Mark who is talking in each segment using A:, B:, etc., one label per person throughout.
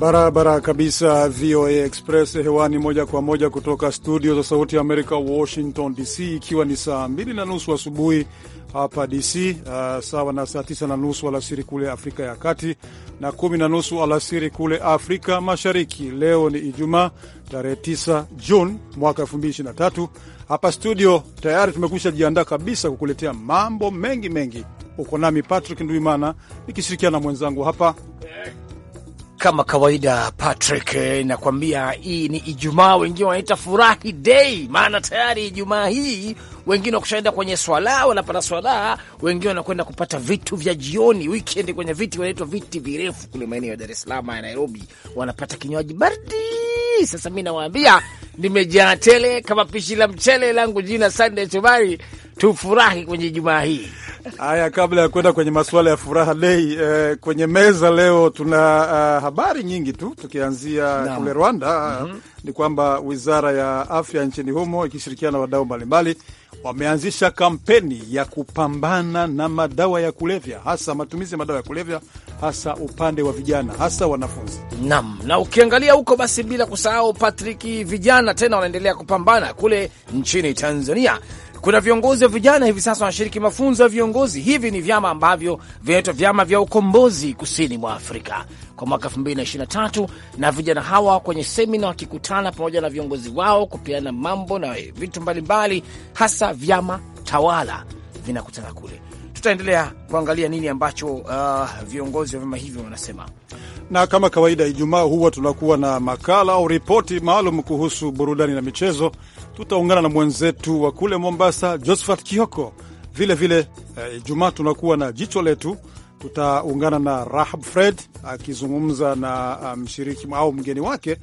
A: Barabara kabisa. VOA Express hewani moja kwa moja kutoka studio za Sauti ya Amerika, Washington DC, ikiwa ni saa mbili na nusu asubuhi hapa DC, uh, sawa na saa tisa na nusu alasiri kule Afrika ya Kati na kumi na nusu alasiri kule Afrika Mashariki. Leo ni Ijumaa tarehe 9 Juni mwaka 2023. Hapa studio tayari tumekwisha jiandaa kabisa kukuletea mambo mengi mengi. Uko nami Patrick nduimana nikishirikiana na mwenzangu hapa kama kawaida
B: Patrick, eh, nakwambia hii ni Ijumaa, wengine wanaita furahi dei, maana tayari Ijumaa hii wengine wakushaenda kwenye swala, wanapata swala, wengine wanakwenda kupata vitu vya jioni weekend, kwenye viti wanaitwa viti virefu kule maeneo ya Dar es Salaam ya Nairobi, wanapata kinywaji baridi. Sasa mi nawaambia nimejaa tele kama pishi la
A: mchele langu, jina Sunday Shomari. Tufurahi kwenye Ijumaa hii. Haya, kabla ya kwenda kwenye masuala ya furaha lei, eh, kwenye meza leo tuna uh, habari nyingi tu tukianzia no. kule Rwanda mm -hmm. Ni kwamba wizara ya afya nchini humo ikishirikiana na wadau mbalimbali wameanzisha kampeni ya kupambana na madawa ya kulevya, hasa matumizi ya madawa ya kulevya, hasa upande wa vijana, hasa wanafunzi. Naam,
B: na ukiangalia huko basi, bila kusahau Patrick, vijana tena wanaendelea kupambana kule nchini Tanzania kuna viongozi wa vijana hivi sasa wanashiriki mafunzo ya viongozi. Hivi ni vyama ambavyo vinaitwa vyama vya ukombozi kusini mwa Afrika kwa mwaka 2023 na vijana hawa kwenye semina wakikutana pamoja na viongozi wao kupeana mambo na vitu mbalimbali, hasa vyama tawala vinakutana kule tutaendelea kuangalia nini ambacho uh, viongozi wa vyama hivyo wanasema.
A: Na kama kawaida, Ijumaa huwa tunakuwa na makala au ripoti maalum kuhusu burudani na michezo. Tutaungana na mwenzetu wa kule Mombasa, Josephat Kioko. Vilevile eh, Ijumaa uh, tunakuwa na jicho letu tutaungana na Rahab Fred akizungumza na ah, mshiriki um, au mgeni wake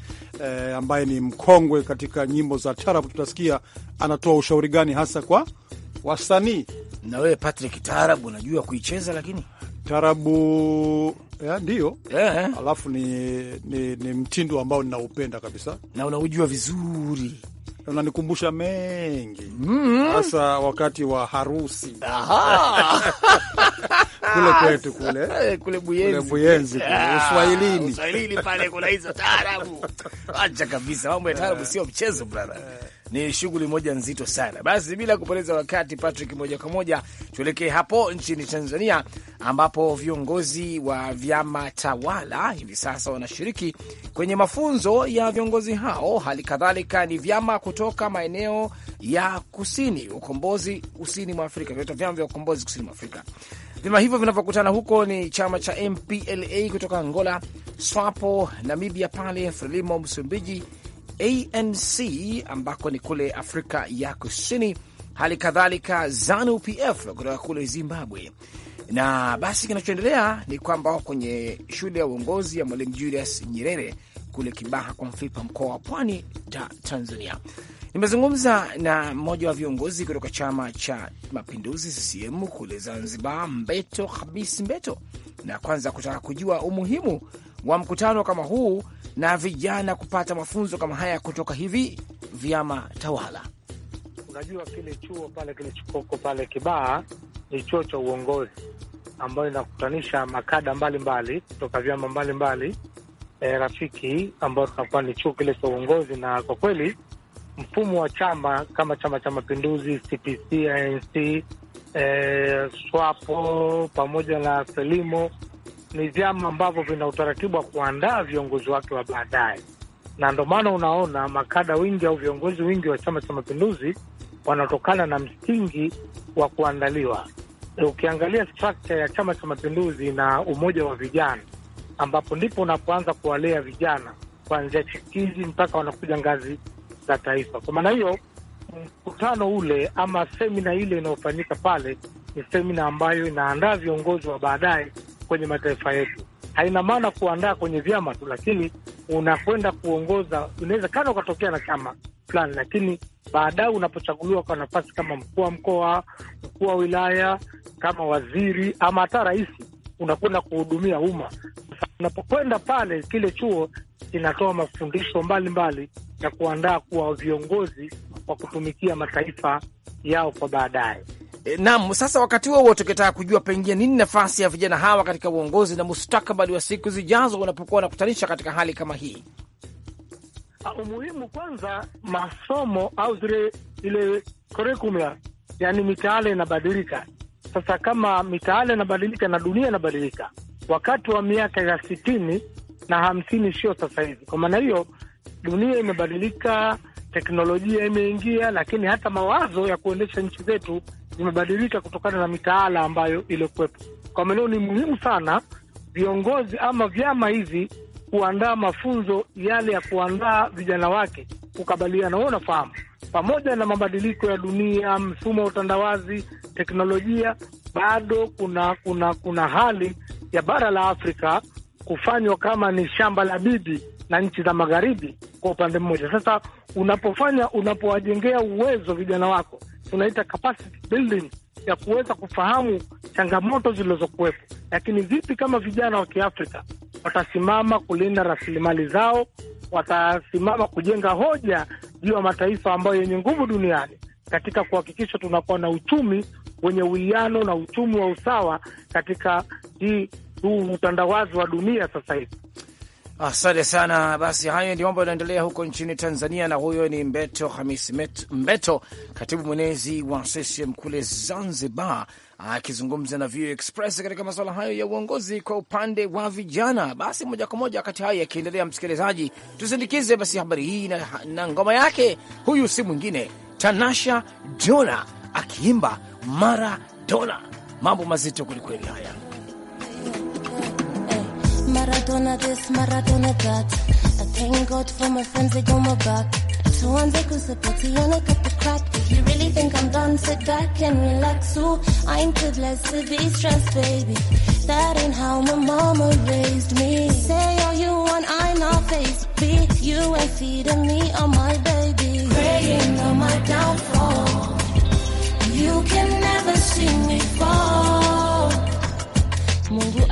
A: e, ambaye ni mkongwe katika nyimbo za tarabu. Tutasikia anatoa ushauri gani hasa kwa wasanii. Na wewe Patrick, taarabu unajua kuicheza lakini taarabu ndio, yeah. Alafu ni, ni, ni mtindo ambao ninaupenda kabisa na unaujua vizuri, unanikumbusha mengi mm-hmm. hasa mm -hmm. wakati wa harusi
B: kule kwetu kule eh, kule Buyenzi Buyenzi ah, Uswahilini Uswahilini pale kuna hizo taarabu. Acha kabisa, mambo ya taarabu sio mchezo brother. Eh ni shughuli moja nzito sana. Basi bila kupoteza wakati, Patrick, moja kwa moja tuelekee hapo nchini Tanzania, ambapo viongozi wa vyama tawala hivi sasa wanashiriki kwenye mafunzo ya viongozi hao. Hali kadhalika ni vyama kutoka maeneo ya kusini ukombozi kusini mwa Afrika, vyama vya ukombozi kusini mwa Afrika. Vyama hivyo vinavyokutana huko ni chama cha MPLA kutoka Angola, SWAPO Namibia, pale Frelimo Msumbiji, ANC ambako ni kule Afrika ya Kusini, hali kadhalika ZANU PF kutoka kule Zimbabwe. Na basi kinachoendelea ni kwamba wako kwenye shule ya uongozi ya Mwalimu Julius Nyerere kule Kibaha kwa Mfipa, mkoa wa Pwani ta Tanzania. Nimezungumza na mmoja wa viongozi kutoka Chama cha Mapinduzi CCM kule Zanzibar, Mbeto Khamis Mbeto, na kwanza kutaka kujua umuhimu wa mkutano kama huu na vijana kupata mafunzo kama haya kutoka hivi vyama tawala.
C: Unajua, kile chuo pale kilichokoko pale Kibaha ni chuo cha uongozi ambayo inakutanisha makada mbalimbali kutoka vyama mbalimbali e, rafiki ambayo tunakuwa ni chuo kile cha uongozi, na kwa kweli mfumo wa chama kama Chama cha Mapinduzi, CPC, ANC, e, eh, SWAPO pamoja na SELIMO ni vyama ambavyo vina utaratibu wa kuandaa viongozi wake wa baadaye, na ndo maana unaona makada wingi au viongozi wingi wa Chama cha Mapinduzi wanatokana na msingi wa kuandaliwa. Ukiangalia structure ya Chama cha Mapinduzi na Umoja wa Vijana, ambapo ndipo unapoanza kuwalea vijana kuanzia chikizi mpaka wanakuja ngazi za taifa. Kwa maana hiyo, mkutano ule ama semina ile inayofanyika pale ni semina ambayo inaandaa viongozi wa baadaye kwenye mataifa yetu. Haina maana kuandaa kwenye vyama tu, lakini unakwenda kuongoza, inawezekana ukatokea na chama fulani, lakini baadaye unapochaguliwa kwa nafasi kama mkuu wa mkoa, mkuu wa wilaya, kama waziri ama hata rais, unakwenda kuhudumia umma. Unapokwenda pale, kile chuo kinatoa mafundisho mbalimbali ya kuandaa kuwa viongozi wa kutumikia mataifa yao kwa baadaye. Naam, sasa wakati huo wote ukitaka kujua pengine nini
B: nafasi ya vijana hawa katika uongozi na mustakabali wa siku zijazo, wanapokuwa wanakutanisha katika hali kama hii?
C: Ah, umuhimu kwanza, masomo au zile ile curriculum, yani mitaala inabadilika. Sasa kama mitaala inabadilika na dunia inabadilika, wakati wa miaka ya sitini na hamsini sio sasa hivi. Kwa maana hiyo, dunia imebadilika, teknolojia imeingia, lakini hata mawazo ya kuendesha nchi zetu zimebadilika kutokana na mitaala ambayo iliyokuwepo. Kwa maana ni muhimu sana viongozi ama vyama hivi kuandaa mafunzo yale ya kuandaa vijana wake kukabiliana. Wewe unafahamu, pamoja na mabadiliko ya dunia, mfumo wa utandawazi, teknolojia, bado kuna kuna kuna hali ya bara la Afrika kufanywa kama ni shamba la bibi na nchi za magharibi kwa upande mmoja. Sasa unapofanya unapowajengea uwezo vijana wako tunaita capacity building ya kuweza kufahamu changamoto zilizokuwepo, lakini vipi kama vijana wa Kiafrika watasimama kulinda rasilimali zao, watasimama kujenga hoja juu ya mataifa ambayo yenye nguvu duniani katika kuhakikisha tunakuwa na uchumi wenye uwiano na uchumi wa usawa katika hii huu utandawazi wa dunia sasa hivi.
B: Asante sana. Basi hayo ndio mambo yanaendelea huko nchini Tanzania, na huyo ni Mbeto hamis Mbeto, katibu mwenezi wa CCM kule Zanzibar, akizungumza na VOA Express katika masuala hayo ya uongozi kwa upande wa vijana. Basi moja kwa moja, wakati hayo yakiendelea, msikilizaji, tusindikize basi habari hii na, na ngoma yake. Huyu si mwingine Tanasha Dona akiimba Maradona. Mambo mazito kwelikweli haya.
D: Maradona this, Maradona that. I thank God for my friends, they got my back. So one they could support and a cup of crack. If you really think I'm done, sit back and relax. Ooh, I ain't too blessed to be stressed, baby. That ain't how my mama raised me. Say all you want, I'm not face B. You ain't feeding me or oh, my baby. Praying on my downfall. You can never see me fall. Mungu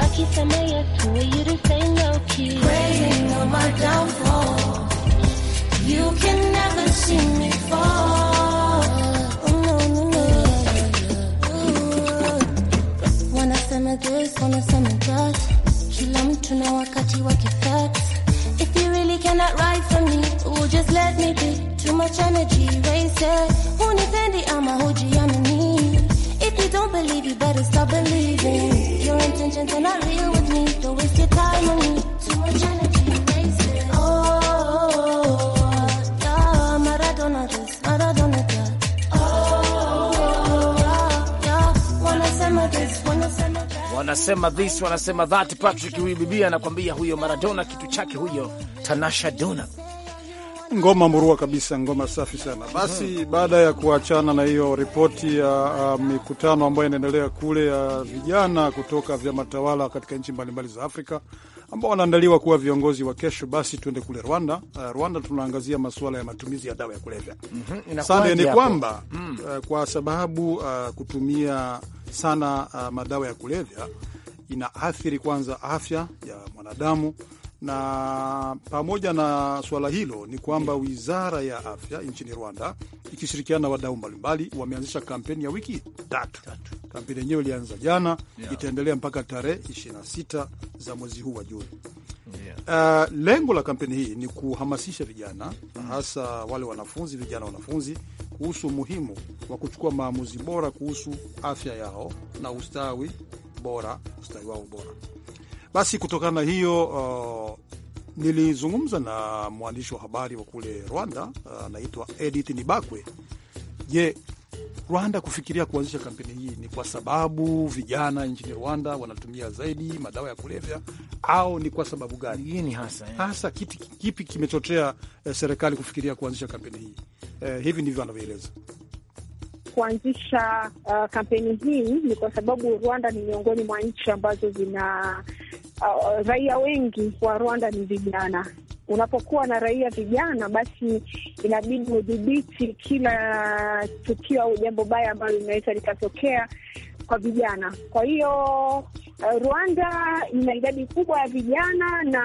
D: Praying on my downfall. You can never see me fall. No, no, no. Wanasema this, wanasema that. Kila mtu na wakati wake If you really cannot ride for me, oh, just let me be. Too much energy, raise it. Hunipendi ama don't believe, you better stop believing. Your intentions are not real with me. Don't waste your time on me. Too much energy Wanasema oh, this, oh, wanasema that.
B: Wanasema this, wanasema that. Patrick, huyu bibi anakwambia huyo Maradona, kitu chake huyo
A: Tanasha Dona Ngoma murua kabisa, ngoma safi sana. Basi -hmm. Baada ya kuachana na hiyo ripoti ya ah, mikutano ambayo inaendelea kule ya ah, vijana kutoka vyama tawala katika nchi mbalimbali za Afrika ambao wanaandaliwa kuwa viongozi wa kesho, basi tuende kule Rwanda. Uh, Rwanda tunaangazia masuala ya matumizi ya dawa ya kulevya
C: mm -hmm. Sande ni kwamba
A: mm uh, kwa sababu uh, kutumia sana uh, madawa ya kulevya inaathiri kwanza afya ya mwanadamu na pamoja na suala hilo ni kwamba wizara ya afya nchini Rwanda ikishirikiana na wadau mbalimbali wameanzisha kampeni ya wiki tatu. Kampeni yenyewe ilianza jana yeah. itaendelea mpaka tarehe 26 za mwezi huu wa Juni. Yeah. Uh, lengo la kampeni hii ni kuhamasisha vijana hasa wale wanafunzi, vijana wanafunzi kuhusu umuhimu wa kuchukua maamuzi bora kuhusu afya yao na ustawi bora, ustawi wao bora basi kutokana na hiyo uh, nilizungumza na mwandishi wa habari wa kule Rwanda uh, anaitwa uh, Edith Nibakwe. Je, Rwanda kufikiria kuanzisha kampeni hii ni kwa sababu vijana nchini Rwanda wanatumia zaidi madawa ya kulevya au ni kwa sababu gani? Hii ni hasa eh, hasa kipi, kipi kimechochea eh, serikali kufikiria kuanzisha kampeni hii eh? Hivi ndivyo anavyoeleza
E: kuanzisha uh, kampeni hii ni kwa sababu Rwanda ni miongoni mwa nchi ambazo zina Uh, raia wengi wa Rwanda ni vijana. Unapokuwa na raia vijana, basi inabidi udhibiti kila tukio au jambo baya ambalo linaweza likatokea kwa vijana. Kwa hiyo uh, Rwanda ina idadi kubwa ya vijana, na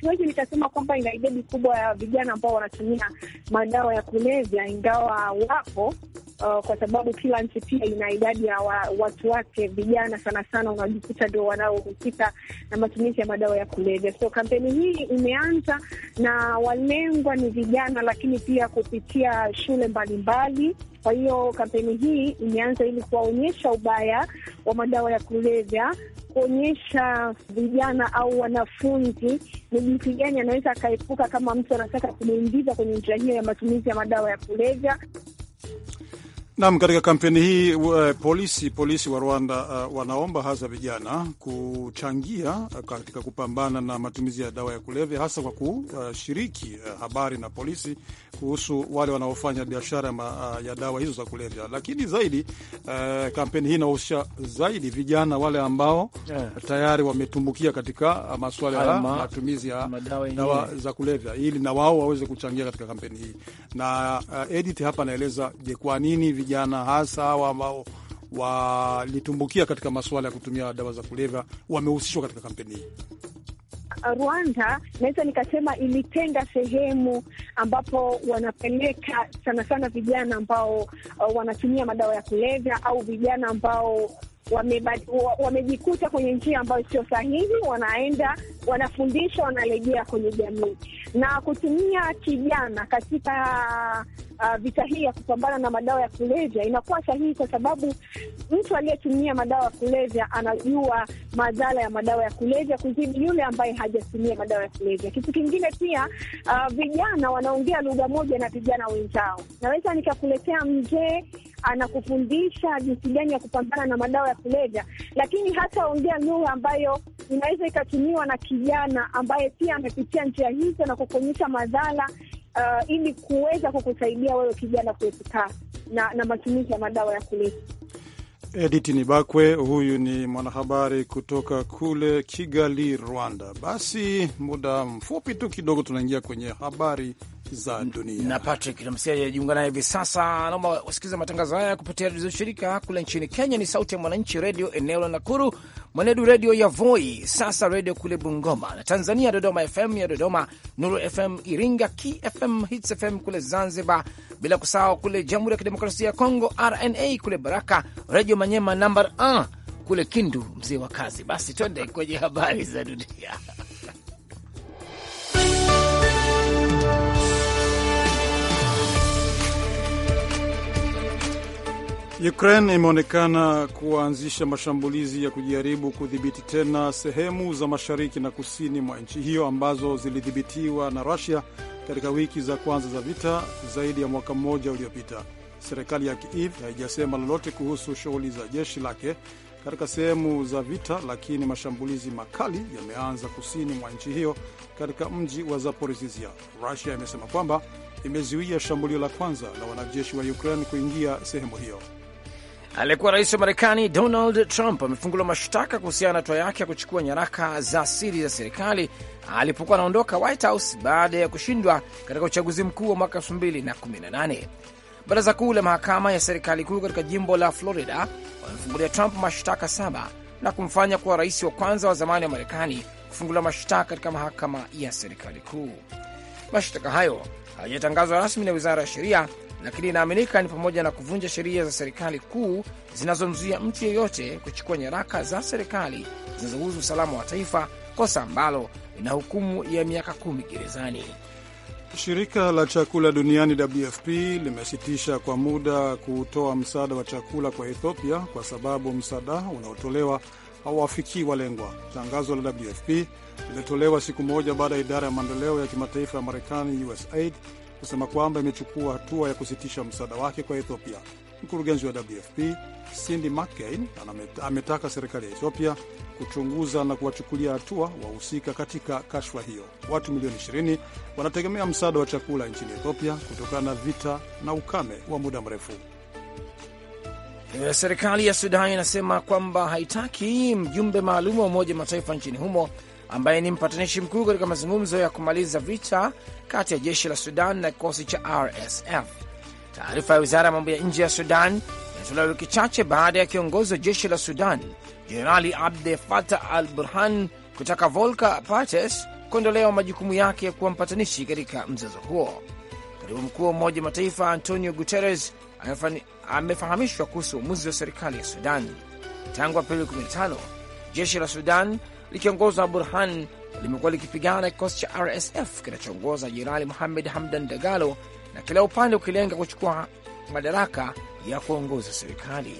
E: siwezi nikasema kwamba ina idadi kubwa ya vijana ambao wanatumia madawa ya kulevya, ingawa wapo uh, kwa sababu kila nchi pia ina idadi ya wa, watu wake. Vijana sana sana unajikuta ndio wanaohusika na matumizi ya madawa ya kulevya. So kampeni hii imeanza na walengwa ni vijana, lakini pia kupitia shule mbalimbali. Kwa hiyo kampeni hii imeanza ili kuwaonyesha ubaya wa madawa ya kulevya, kuonyesha vijana au wanafunzi ni jinsi gani anaweza akaepuka kama mtu anataka kumuingiza kwenye njia hiyo ya matumizi ya madawa ya kulevya.
A: Nam, katika kampeni hii uh, polisi polisi wa Rwanda uh, wanaomba hasa vijana kuchangia uh, katika kupambana na matumizi ya dawa ya kulevya hasa kwa kushiriki uh, uh, habari na polisi kuhusu wale wanaofanya biashara uh, ya dawa hizo za kulevya. Lakini zaidi uh, kampeni hii inahusisha zaidi vijana wale ambao yeah, tayari wametumbukia katika uh, masuala ya matumizi ya dawa za kulevya, ili na wao waweze kuchangia katika kampeni hii na uh, Edith hapa anaeleza je, kwa nini vijana hasa hawa ambao walitumbukia katika masuala ya kutumia dawa za kulevya wamehusishwa katika kampeni hii?
E: Rwanda naweza nikasema ilitenga sehemu ambapo wanapeleka sana sana vijana ambao uh, wanatumia madawa ya kulevya au vijana ambao wamejikuta kwenye njia ambayo sio sahihi, wanaenda wanafundisha, wanarejea kwenye jamii na kutumia kijana katika uh, vita hii ya kupambana na madawa ya kulevya inakuwa sahihi, kwa sababu mtu aliyetumia madawa ya kulevya anajua madhara ya madawa ya kulevya kuzidi yule ambaye hajatumia madawa ya kulevya. Kitu kingine pia, uh, vijana wanaongea lugha moja na vijana wenzao. Naweza nikakuletea mzee anakufundisha jinsi gani ya kupambana na madawa ya kulevya, lakini hata ongea lugha ambayo inaweza ikatumiwa na kijana ambaye pia amepitia njia hizo na kukuonyesha madhara uh, ili kuweza kukusaidia wewe kijana kuepuka na, na matumizi ya madawa ya kulevya.
A: Edith Nibakwe huyu ni mwanahabari kutoka kule Kigali, Rwanda. Basi muda mfupi tu kidogo tunaingia kwenye habari za dunia na Patrick Namsia ajiunga naye hivi sasa. Naomba wasikiliza
B: matangazo haya kupitia redio shirika kule nchini Kenya ni Sauti ya Mwananchi redio eneo la Nakuru, Mwanedu redio ya Voi, sasa redio kule Bungoma na Tanzania, Dodoma FM ya Dodoma, Nuru FM Iringa, KFM Hits FM kule Zanzibar, bila kusahau kule Jamhuri ya Kidemokrasia ya Kongo, RNA kule Baraka, redio Manyema namba 1 kule Kindu, mzee wa kazi. Basi twende kwenye habari za dunia.
A: Ukraine imeonekana kuanzisha mashambulizi ya kujaribu kudhibiti tena sehemu za mashariki na kusini mwa nchi hiyo ambazo zilidhibitiwa na Russia katika wiki za kwanza za vita zaidi ya mwaka mmoja uliopita. Serikali ya Kiev haijasema lolote kuhusu shughuli za jeshi lake katika sehemu za vita, lakini mashambulizi makali yameanza kusini mwa nchi hiyo katika mji wa Zaporizhia. Russia imesema kwamba imezuia shambulio la kwanza la wanajeshi wa Ukraine kuingia sehemu hiyo. Aliyekuwa rais wa Marekani Donald Trump amefunguliwa mashtaka kuhusiana
B: na hatua yake ya kuchukua nyaraka za siri za serikali alipokuwa anaondoka White House baada ya kushindwa katika uchaguzi mkuu wa mwaka 2018. Baraza kuu la mahakama ya serikali kuu katika jimbo la Florida wamefungulia Trump mashtaka saba na kumfanya kuwa rais wa kwanza wa zamani wa Marekani kufunguliwa mashtaka katika mahakama ya serikali kuu. Mashtaka hayo hayajatangazwa rasmi na wizara ya sheria lakini inaaminika ni pamoja na kuvunja sheria za serikali kuu zinazomzuia mtu yeyote kuchukua nyaraka za serikali zinazohusu usalama wa taifa, kosa ambalo lina hukumu ya miaka kumi gerezani.
A: Shirika la chakula duniani WFP limesitisha kwa muda kutoa msaada wa chakula kwa Ethiopia kwa sababu msaada unaotolewa hawafikii walengwa. Tangazo la WFP lilitolewa siku moja baada ya idara ya maendeleo ya kimataifa ya Marekani, USAID kusema kwamba imechukua hatua ya kusitisha msaada wake kwa Ethiopia. Mkurugenzi wa WFP Cindy McCain ametaka serikali ya Ethiopia kuchunguza na kuwachukulia hatua wahusika katika kashfa hiyo. Watu milioni 20 wanategemea msaada wa chakula nchini Ethiopia kutokana na vita na ukame wa muda mrefu. Eh, serikali ya sudani
B: inasema kwamba haitaki mjumbe maalum wa Umoja Mataifa nchini humo ambaye ni mpatanishi mkuu katika mazungumzo ya kumaliza vita kati ya jeshi la Sudan na kikosi cha RSF. Taarifa ya wizara ya mambo ya nje ya Sudan inatolewa wiki chache baada ya kiongozi wa jeshi la Sudan Jenerali Abde Fatah Al Burhan kutaka Volka pates kuondolewa majukumu yake ya kuwa mpatanishi katika mzozo huo. Katibu mkuu wa Umoja Mataifa Antonio Guterres amefahamishwa kuhusu uamuzi wa serikali ya Sudan. Tangu Aprili 15 jeshi la Sudan likiongozwa na Burhan limekuwa likipigana na kikosi cha RSF kinachoongoza Jenerali Muhamed Hamdan Dagalo, na kila upande ukilenga kuchukua madaraka ya kuongoza serikali.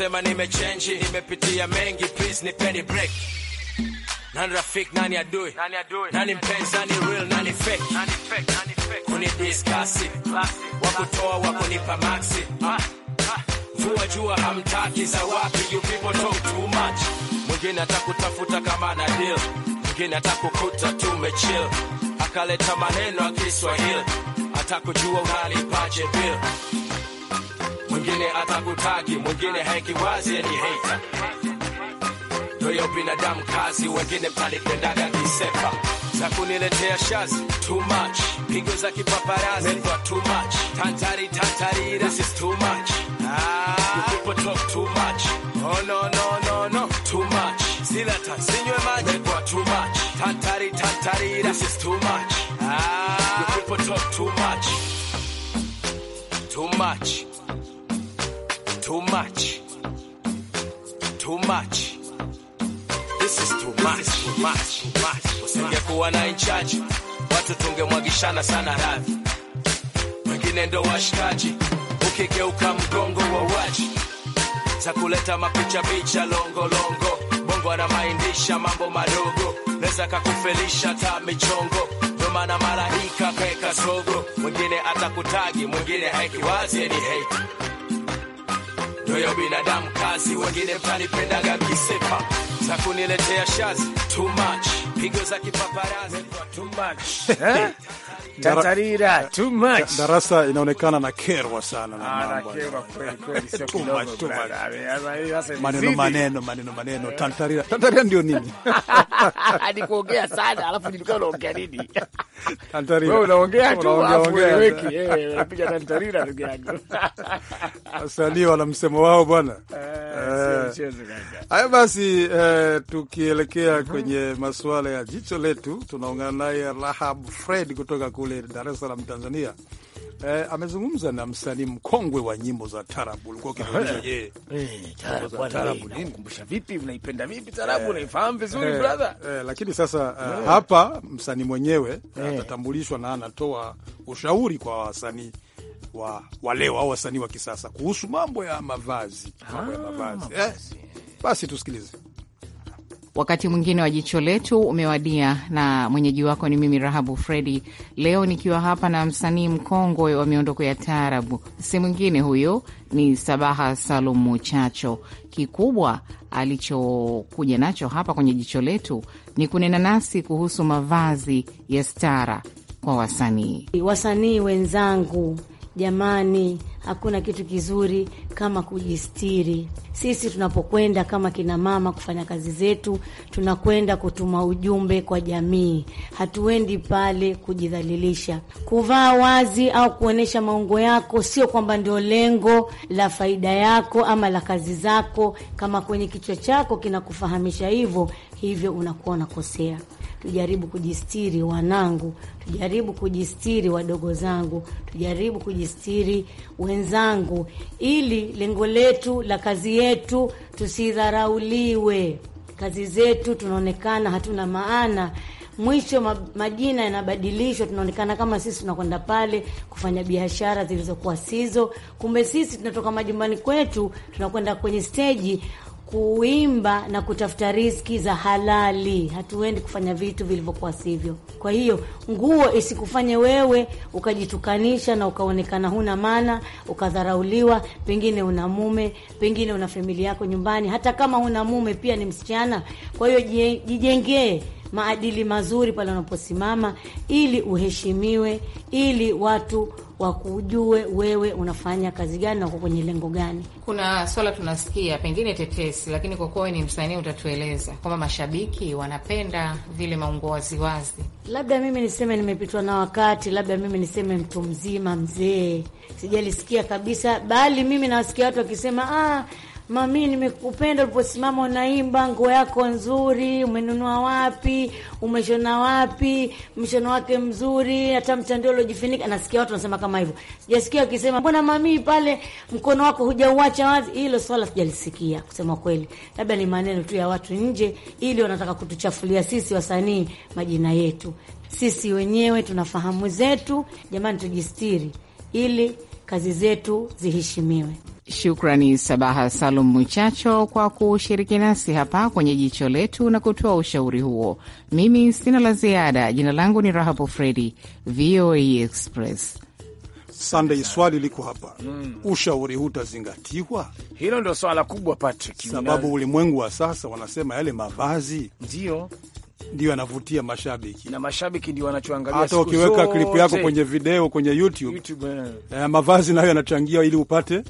F: kusema nimechange, nimepitia mengi, please nipeni break. Nani rafiki, nani adui, nani adui, nani mpenzi, nani real, nani fake, nani fake, nani fake, kuni discuss classic, wakutoa wakunipa maxi ah, mvua jua hamtaki za wapi, you people talk too much. Mwingine atakutafuta kama na deal, mwingine atakukuta tumechill, akaleta maneno ya Kiswahili, atakujua unalipaje bill mwingine atakutaki, mwingine heki wazi ni hater. Toyo binadamu kazi, wengine kisepa za kuniletea shazi too much, pigo za kipaparazi too much, tantari tantari, this is too much ah, people talk too much oh no no no no too much, sila maji too much, tantari tantari, this is too much ah, people talk too much too much Too much. Too much. This is too much. Too much. Usingekuwa na in charge, watu tungemwagishana sana radhi, wengine ndo washikaji, ukigeuka mgongo wa waji za kuleta mapicha picha longo bongo anamaindisha mambo madogo neza kakufelisha ta michongo ndomana malaika kaeka sogo mwingine atakutagi mwingine haikiwazi ni hate nyoyo binadamu kazi, wengine mtanipendaga kisepa za kuniletea shazi too much, pigo za kipaparazi too much
A: eh? Tatarira too much. Darasa inaonekana na kerwa sana na ah, mambo.
B: Maneno maneno
A: maneno maneno tatarira. Tatarira ndio nini?
B: Hadi kuongea sana alafu nilikuwa naongea nini?
A: Tatarira. Wewe unaongea tu unaongea weki. Eh, unapiga tatarira ndugu yangu. Wasanii wana msemo wao bwana. Eh, eh. Haya basi, eh, tukielekea kwenye masuala ya jicho letu tunaongana naye Rahab Fred kutoka kule kule Dar es Salaam, Tanzania. Eh, amezungumza na msanii mkongwe wa nyimbo za tarabu. Ulikuwa ukikumbusha je?
B: Eh, tarabu nini?
A: Kukumbusha vipi? Unaipenda vipi
B: tarabu? Eh. Unaifahamu vizuri eh, brother?
A: Eh, lakini sasa uh, hapa msanii mwenyewe eh, atatambulishwa na anatoa ushauri kwa wasanii wa waleo au wasanii wa kisasa kuhusu mambo ya mavazi, mambo ya ah, mavazi. Eh, basi tusikilize.
G: Wakati mwingine wa jicho letu umewadia, na mwenyeji wako ni mimi Rahabu Fredi, leo nikiwa hapa na msanii mkongwe wa miondoko ya taarabu, si mwingine huyo, ni Sabaha Salum Muchacho. Kikubwa alichokuja nacho hapa kwenye jicho letu ni kunena nasi kuhusu mavazi ya stara kwa wasanii. Wasanii wenzangu, Jamani, hakuna kitu kizuri kama kujistiri. Sisi tunapokwenda kama kina mama kufanya kazi zetu, tunakwenda kutuma ujumbe kwa jamii. Hatuendi pale kujidhalilisha. Kuvaa wazi au kuonyesha maungo yako sio kwamba ndio lengo la faida yako ama la kazi zako. Kama kwenye kichwa chako kinakufahamisha hivyo, hivyo unakuwa unakosea tujaribu kujistiri wanangu, tujaribu kujistiri wadogo zangu, tujaribu kujistiri wenzangu, ili lengo letu la kazi yetu tusidharauliwe. Kazi zetu tunaonekana hatuna maana Mwisho majina yanabadilishwa, tunaonekana kama sisi tunakwenda pale kufanya biashara zilizokuwa sizo, kumbe sisi tunatoka majumbani kwetu tunakwenda kwenye steji kuimba na kutafuta riski za halali. Hatuendi kufanya vitu vilivyokuwa sivyo. Kwa hiyo nguo isikufanye wewe ukajitukanisha na ukaonekana huna maana, ukadharauliwa. Pengine una mume, pengine una familia yako nyumbani, hata kama huna mume pia ni msichana. Kwa hiyo jijengee maadili mazuri pale unaposimama, ili uheshimiwe, ili watu wakujue wewe unafanya kazi gani na uko kwenye lengo gani. Kuna swala tunasikia pengine tetesi, lakini kwa kuwa ni msanii utatueleza kwamba mashabiki wanapenda vile maungo waziwazi. Labda mimi niseme nimepitwa na wakati, labda mimi niseme mtu mzima, mzee, sijalisikia kabisa, bali mimi nawasikia watu wakisema ah mami, nimekupenda uliposimama unaimba, nguo yako nzuri, umenunua wapi? Umeshona wapi? Mshono wake mzuri, hata mtandio uliojifunika. Nasikia watu wanasema kama hivyo, sijasikia wakisema mbona mami pale mkono wako hujauacha wazi. Hilo swala sijalisikia kusema kweli, labda ni maneno tu ya watu nje, ili wanataka kutuchafulia sisi wasanii majina yetu. Sisi wenyewe tunafahamu zetu, jamani, tujistiri ili kazi zetu ziheshimiwe. Shukrani Sabaha Salum Muchacho kwa kushiriki nasi hapa kwenye jicho letu na kutoa ushauri huo. Mimi sina la ziada. Jina langu ni Rahabu Fredi, VOA Express.
A: Sandei, swali liko hapa mm. Ushauri huu utazingatiwa? Hilo ndo swala kubwa Patrick, sababu ulimwengu wa sasa wanasema yale mavazi ndio ndio anavutia mashabiki na mashabiki ndio wanachoangalia. Hata ukiweka klipu yako kwenye video kwenye YouTube, YouTube eh, eh mavazi nayo yanachangia ili upate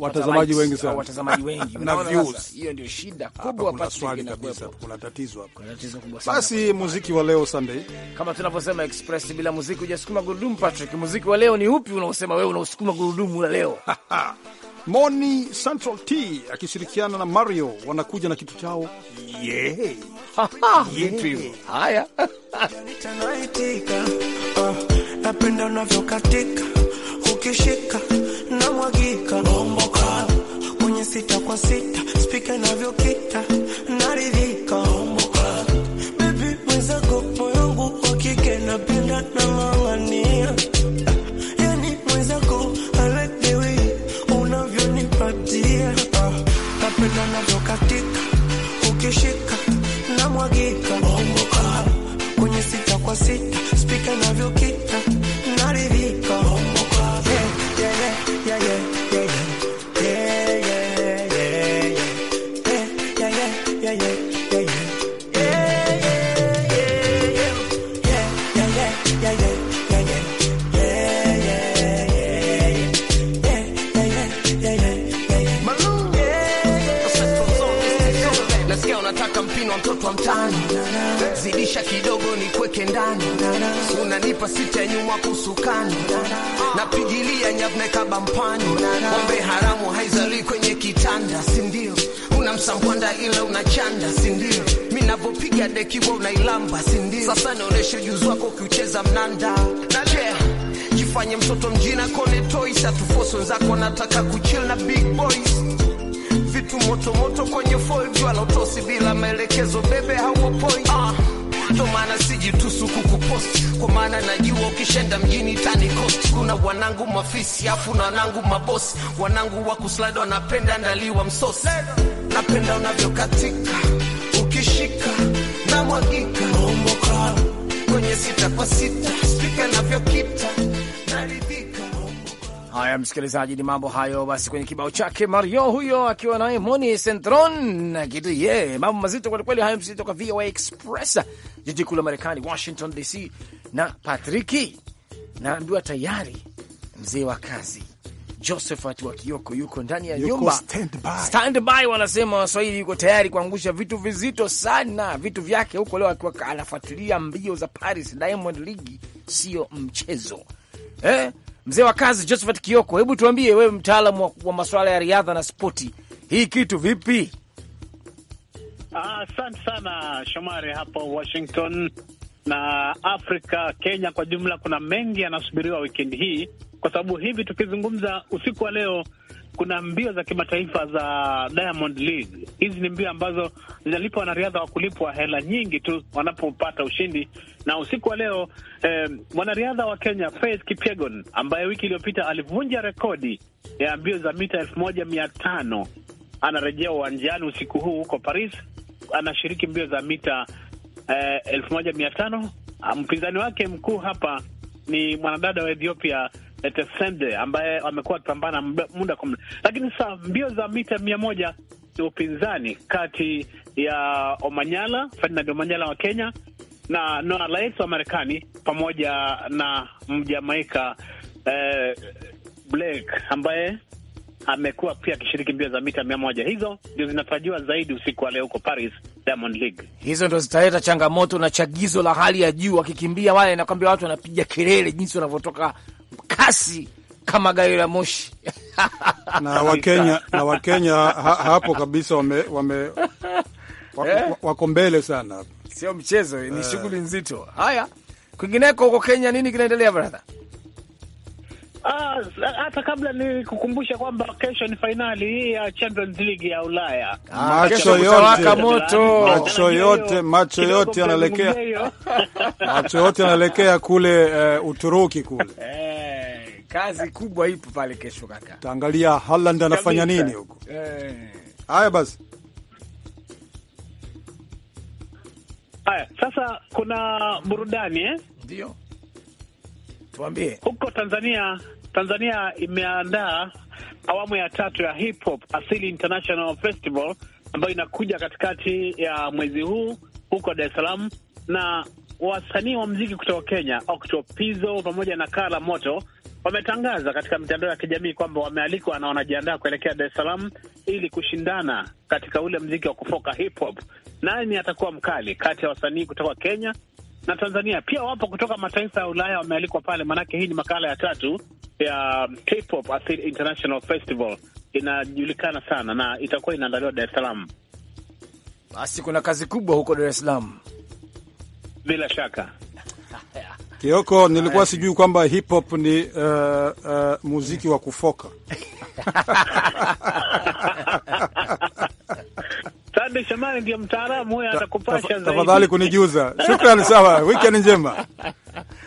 A: watazamaji wengi sana, watazamaji wengi na views.
B: Hiyo ndio shida kubwa, hapa, swali kabisa, kuna tatizo hapo.
A: Basi muziki wa leo Sunday,
B: kama tunavyosema
A: express, bila muziki hujasukuma
B: gurudumu. Patrick, muziki wa leo ni upi unaosema wewe
A: unausukuma gurudumu la leo? Moni Central T akishirikiana na Mario wanakuja na kitu chao yeah. Haya, uh,
C: napenda unavyokatika ukishika na
F: mwagika kwenye sita kwa sita spika inavyokita
B: unataka mpino mtoto wa mtani, zidisha kidogo ni kweke ndani, unanipa sita nyuma kusukani, napigilia nyavne kabampani, ombe haramu haizali kwenye kitanda, sindio? Unamsambwanda ila unachanda, sindio? mi navyopiga dekiwa unailamba, sindio? Sasa naonesha ujuzi wako ukiucheza mnanda na naea jifanye mtoto mjina kone toys, atufoso wenzako nataka
F: kuchill na big boys vitu moto moto kwenye foldi, wala utosi bila maelekezo, bebe hawa point uh. Ah, Ndo maana siji sijitusu kukuposti kwa
B: maana najua ukishenda mjini tani cost. Kuna wanangu mafisi afu na wanangu mabosi,
F: wanangu wa kuslide wanapenda ndaliwa msosi. Napenda unavyokatika ukishika na mwagika kwenye sita kwa sita spika navyokita
B: Haya msikilizaji, ni mambo hayo basi kwenye kibao chake Mario huyo akiwa naye Moni Centron na kitu ye, mambo mazito kwelikweli hayo. Msito kwa VOA Express, jiji kuu la Marekani, Washington DC. Na Patriki naambiwa tayari mzee wa kazi Josephat wa Kioko yuko ndani ya nyumba standby, wanasema Waswahili, yuko tayari kuangusha vitu vizito sana, vitu vyake huko leo, akiwa anafuatilia mbio za Paris Diamond League, sio mchezo eh? Mzee wa kazi Josephat Kioko, hebu tuambie wewe, mtaalamu wa, wa masuala ya riadha na spoti, hii kitu vipi?
H: Asante ah, sana Shomari hapo Washington na Afrika, Kenya kwa jumla, kuna mengi yanasubiriwa wikendi hii kwa sababu hivi tukizungumza usiku wa leo kuna mbio za kimataifa za Diamond League. Hizi ni mbio ambazo zinalipa wanariadha wa kulipwa hela nyingi tu wanapopata ushindi. Na usiku wa leo eh, mwanariadha wa Kenya Faith Kipyegon ambaye wiki iliyopita alivunja rekodi ya mbio za mita elfu moja mia tano anarejea uwanjani usiku huu huko Paris, anashiriki mbio za mita eh, elfu moja mia tano. Ah, mpinzani wake mkuu hapa ni mwanadada wa Ethiopia Etesende ambaye amekuwa akipambana muda kwa muda, lakini sasa mbio za mita mia moja ni upinzani kati ya Omanyala, Ferdinand Omanyala wa Kenya na Noah Lyles wa Marekani pamoja na Mjamaika eh, Blake ambaye amekuwa pia akishiriki mbio za mita mia moja. Hizo ndio zinatarajiwa zaidi usiku wa leo huko Paris, Diamond League.
B: Hizo ndo zitaleta changamoto na chagizo la hali ya juu. Wakikimbia wale, nakwambia watu wanapiga kelele jinsi wanavyotoka kasi kama gari la moshi na Wakenya
A: na Wakenya ha, hapo kabisa wame, wame, eh? wako mbele sana, sio mchezo, ni eh. shughuli nzito. Haya,
B: kwingineko huko Kenya nini kinaendelea
A: brother?
H: Ah, hata kabla ni kukumbusha kwamba kesho ni fainali ya Champions League ya Ulaya. Ah, macho yote moto,
A: macho yote, macho yote yanaelekea,
B: macho yote
A: yanaelekea kule uh, Uturuki kule. Hey,
B: eh, kazi kubwa ipo pale kesho kaka,
A: taangalia Haaland anafanya nini huko. Eh. Haya, hey, basi
H: haya sasa, kuna burudani eh? Ndio tuambie huko Tanzania. Tanzania imeandaa awamu ya tatu ya Hip Hop Asili International Festival ambayo inakuja katikati ya mwezi huu huko Dar es Salaam, na wasanii wa mziki kutoka Kenya Octopizo pamoja na Kala Moto wametangaza katika mitandao ya kijamii kwamba wamealikwa na wanajiandaa kuelekea Dar es Salaam ili kushindana katika ule mziki wa kufoka hip hop. Nani atakuwa mkali kati ya wasanii kutoka Kenya na Tanzania pia wapo kutoka mataifa ya Ulaya wamealikwa pale, maanake hii ni makala ya tatu ya K-pop International Festival, inajulikana sana na itakuwa inaandaliwa Dar es Salaam. Basi
A: kuna kazi kubwa huko Dar es Salaam
H: bila shaka.
A: Kioko, nilikuwa sijui kwamba hip hop ni uh, uh, muziki wa kufoka Sande Shomari
H: mtaalamu huyo, atakupasha zaidi. Tafadhali kunijuza. Shukrani, sawa. Weekend njema,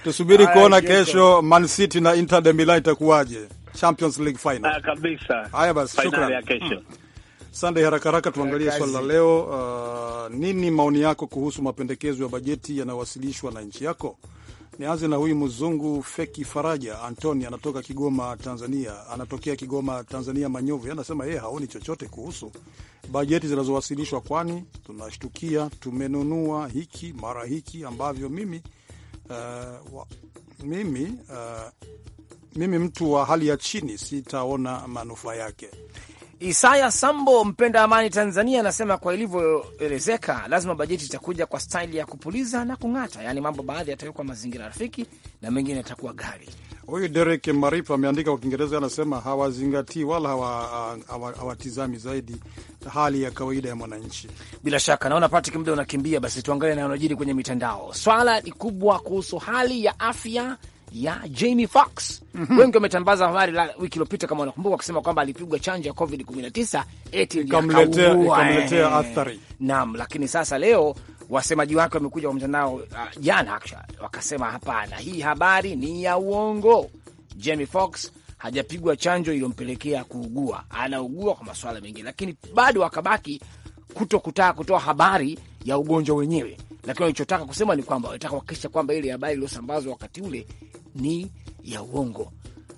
A: tusubiri kuona kesho Man City na Inter de Milan itakuwaje Champions League final. Ah, kabisa. Haya basi, shukrani hmm. Sande, haraka haraka tuangalie swali la leo. Uh, nini maoni yako kuhusu mapendekezo ya bajeti yanayowasilishwa na nchi yako? Nianze na huyu mzungu Feki Faraja Antoni, anatoka Kigoma, Tanzania, anatokea Kigoma, Tanzania, Manyovu. Anasema yeye haoni chochote kuhusu bajeti zinazowasilishwa, kwani tunashtukia tumenunua hiki mara hiki ambavyo mimi uh, wa, mimi uh, mimi mtu wa hali ya chini sitaona manufaa yake. Isaya Sambo, mpenda amani Tanzania, anasema kwa ilivyoelezeka,
B: lazima bajeti itakuja kwa staili ya kupuliza na kung'ata, yaani mambo baadhi yatawekwa mazingira rafiki na mengine yatakuwa gari.
A: Huyu Derek Marif ameandika kwa Kiingereza, anasema hawazingatii wala hawatizami hawa, hawa zaidi hali ya kawaida ya mwananchi. Bila shaka naona Patrick, muda unakimbia, basi tuangalie na yanayojiri kwenye mitandao.
B: Swala ni kubwa kuhusu hali ya afya ya Jamie Fox. mm -hmm. Wengi wametambaza habari la wiki iliyopita, kama wanakumbuka, wakisema kwamba alipigwa chanjo ya Covid 19 eti ikamletea eh. athari. Naam, lakini sasa leo wasemaji wake wamekuja kwa mtandao uh, jana, uh, wakasema hapana, hii habari ni ya uongo. Jamie Fox hajapigwa chanjo iliyompelekea kuugua, anaugua kwa masuala mengine, lakini bado wakabaki kuto kutaka kutoa habari ya ugonjwa wenyewe, lakini walichotaka kusema ni kwamba walitaka kuhakikisha kwamba ile habari iliyosambazwa wakati ule ni ya uongo.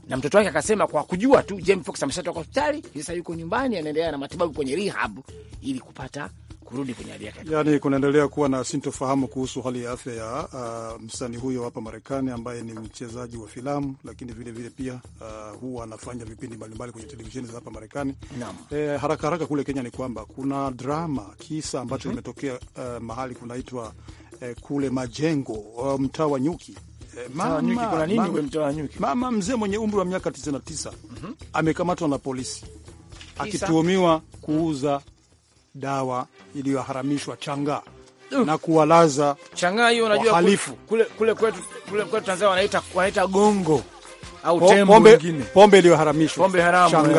B: Na mtoto wake akasema kwa kujua tu Jamie Foxx ameshatoka hospitali, sasa yuko nyumbani anaendelea na matibabu kwenye rehab ili kupata kurudi kwenye hali yake.
A: Yaani kunaendelea kuwa na sintofahamu kuhusu hali ya afya ya uh, msanii huyo hapa Marekani ambaye ni mchezaji wa filamu, lakini vilevile vile pia uh, huwa anafanya vipindi mbalimbali kwenye televisheni za hapa Marekani. Eh, haraka haraka kule Kenya ni kwamba kuna drama kisa ambacho mhm. kimetokea mm -hmm. uh, mahali kunaitwa uh, kule Majengo uh, mtaa wa Nyuki Eh, mama mzee mwenye umri wa miaka 99 mm -hmm. amekamatwa na polisi akituhumiwa kuuza dawa iliyoharamishwa changa uh, na kuwalaza changa hiyo. Unajua wahalifu kule kule kwetu kule kwetu
B: Tanzania wanaita wanaita gongo au tembe,
A: pombe iliyoharamishwa pombe haramu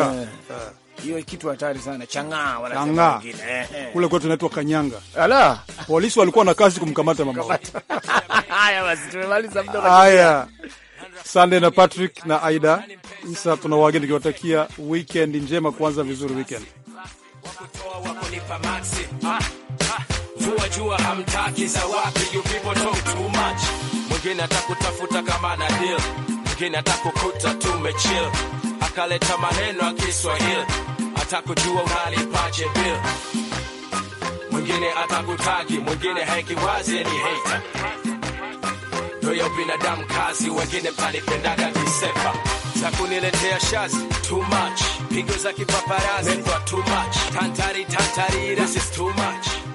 A: Yeah
B: hiyo kitu hatari sana. Changaa wanasema wengine eh, eh, kule
A: kwetu inaitwa kanyanga. Ala, polisi walikuwa na kazi kumkamata mama. wao.
B: Haya basi, tumemaliza muda. Haya,
A: Sande na Patrick na Aida Isa, tuna wageni tukiwatakia weekend njema, kuanza vizuri weekend ah,
F: ah. Jua jua hamtaki za wapi, you people talk too much. Mwingine atakutafuta kama na deal, mwingine atakukuta tumechill akaleta maneno ya Kiswahili, atakujua unalipaje bill. Mwingine atakutaki, mwingine hekiwazi ni hater. Ndio binadamu kazi, wengine mtanipendaga kisepa za kuniletea shazi too much, pigo za kipaparazi too much, tantari this is too much